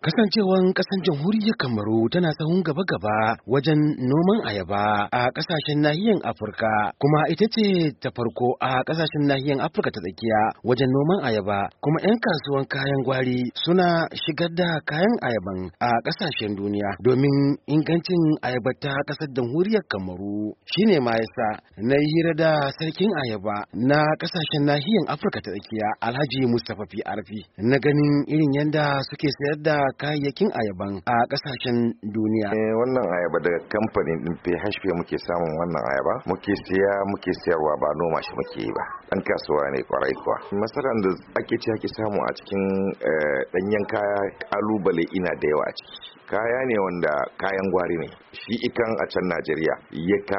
Kasancewan ƙasar jamhuriyar Kamaru tana sahun gaba-gaba wajen noman ayaba a ƙasashen nahiyar Afirka kuma ita ce ta farko a ƙasashen nahiyar Afirka ta tsakiya wajen noman ayaba kuma 'yan kasuwan kayan gwari suna shigar da kayan ayaban a ƙasashen duniya domin ingancin ayaba ta ƙasar jamhuriyar Kamaru shine ma yasa na hira da sarkin ayaba na ƙasashen nahiyar Afirka ta tsakiya Alhaji Mustapha Arfi na ganin irin yadda suke sayar da kayayyakin ayaban a kasashen duniya. Eh wannan ayaba daga kamfanin din PHP muke samun wannan ayaba muke siya muke siyarwa ba noma shi muke yi ba. Dan kasuwa ne kwarai kuwa. Masaran da ake ci ake samu a cikin danyen eh, kaya kalubale ina da yawa a ciki. kaya ne wanda kayan gwari ne shi ikan a can najeriya ya ka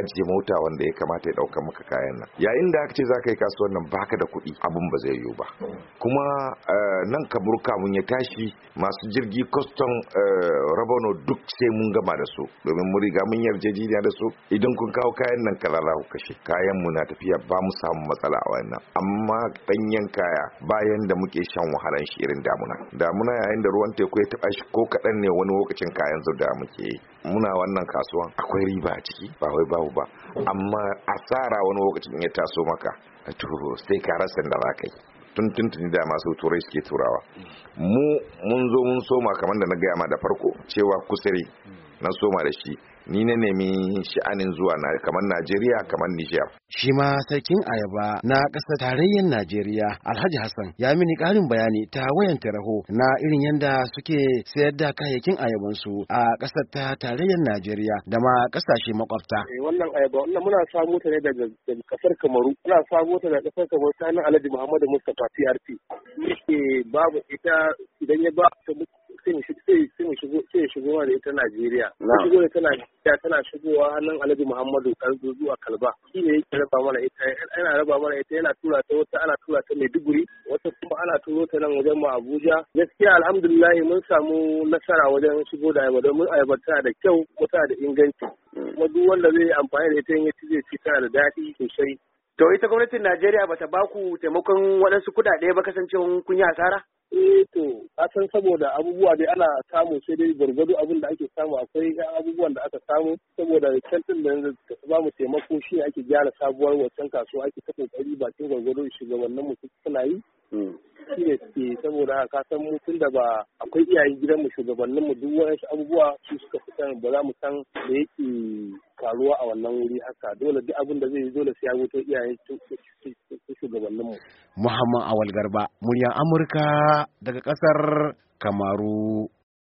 ajiye mota wanda ya kamata ya ɗauka maka kayan nan yayin da aka ce za ka yi kasuwan nan baka da kuɗi abun ba zai yiwu ba kuma eh, nan ka burka mun ya tashi masu jirgi kwaston eh, rabano duk sai mun gama da su domin mun riga mun yarjejeniya da su idan kun kawo kayan nan ka lalahu kashe kayan mu na tafiya ba mu samu matsala a wannan amma ɗanyen kaya bayan da muke shan wahalan shi irin damuna damuna yayin da ruwan teku ya taɓa shi ko kaɗan ne shine wani lokacin ka yanzu da muke muna wannan kasuwan akwai riba a ciki ba wai babu ba amma asara wani lokacin ya taso maka to sai ka rasa da za yi tun da masu turai suke turawa mu mun zo mun soma kamar da na gaya ma da farko cewa kusuri na soma da shi ni na nemi sha'anin zuwa na kamar Najeriya kamar Nijar. Shi ma sarkin Ayaba na ƙasar tarayyar Najeriya Alhaji Hassan ya mini ƙarin bayani ta wayan taraho na irin yadda suke sayar da kayayyakin ayabansu a ƙasar ta tarayyar Najeriya da ma ƙasashe makwabta. Eh, wannan ayaba wannan muna samu ta ne daga ƙasar Kamaru muna samu ta daga ƙasar Kamaru ta nan Alhaji Muhammadu Mustapha PRP. Yake babu ita idan ya ba ta sai shigo da ita Najeriya. Ta shigo da ita Najeriya tana shigowa nan Alhaji Muhammadu Karzo zuwa Kalba. Shi ne yake raba mana ita yana raba mana ita yana tura ta wata ana tura ta Maiduguri wata kuma ana turo ta nan wajen mu Abuja. Gaskiya alhamdulillah mun samu nasara wajen shigo da ayaba domin ayaba tana da kyau kuma tana da inganci. Kuma duk wanda zai amfani da ita in ya ci zai ci tana da daɗi sosai. To ita gwamnatin Najeriya bata ba ku taimakon waɗansu kuɗaɗe ba kasancewa kun yi asara? eh to san saboda abubuwa dai ana samu sai dai gwargwado abin da ake samu akwai abubuwan da aka samu saboda kantin da ka ba mu taimako shi ake gyara sabuwar wancan kasuwa ake ta kokari bakin gwargwado shugabannin mu suna yi hmm. shi ne suke saboda haka san mu tun da ba akwai iyayen gidan mu shugabannin mu duk wani abubuwa su suka fita ba za mu san da yake karuwa a wannan wuri haka dole duk abin da zai yi dole sai ya wuto iyayen shugabanninmu. Muhammad Awal Garba, muryar Amurka daga ƙasar Kamaru.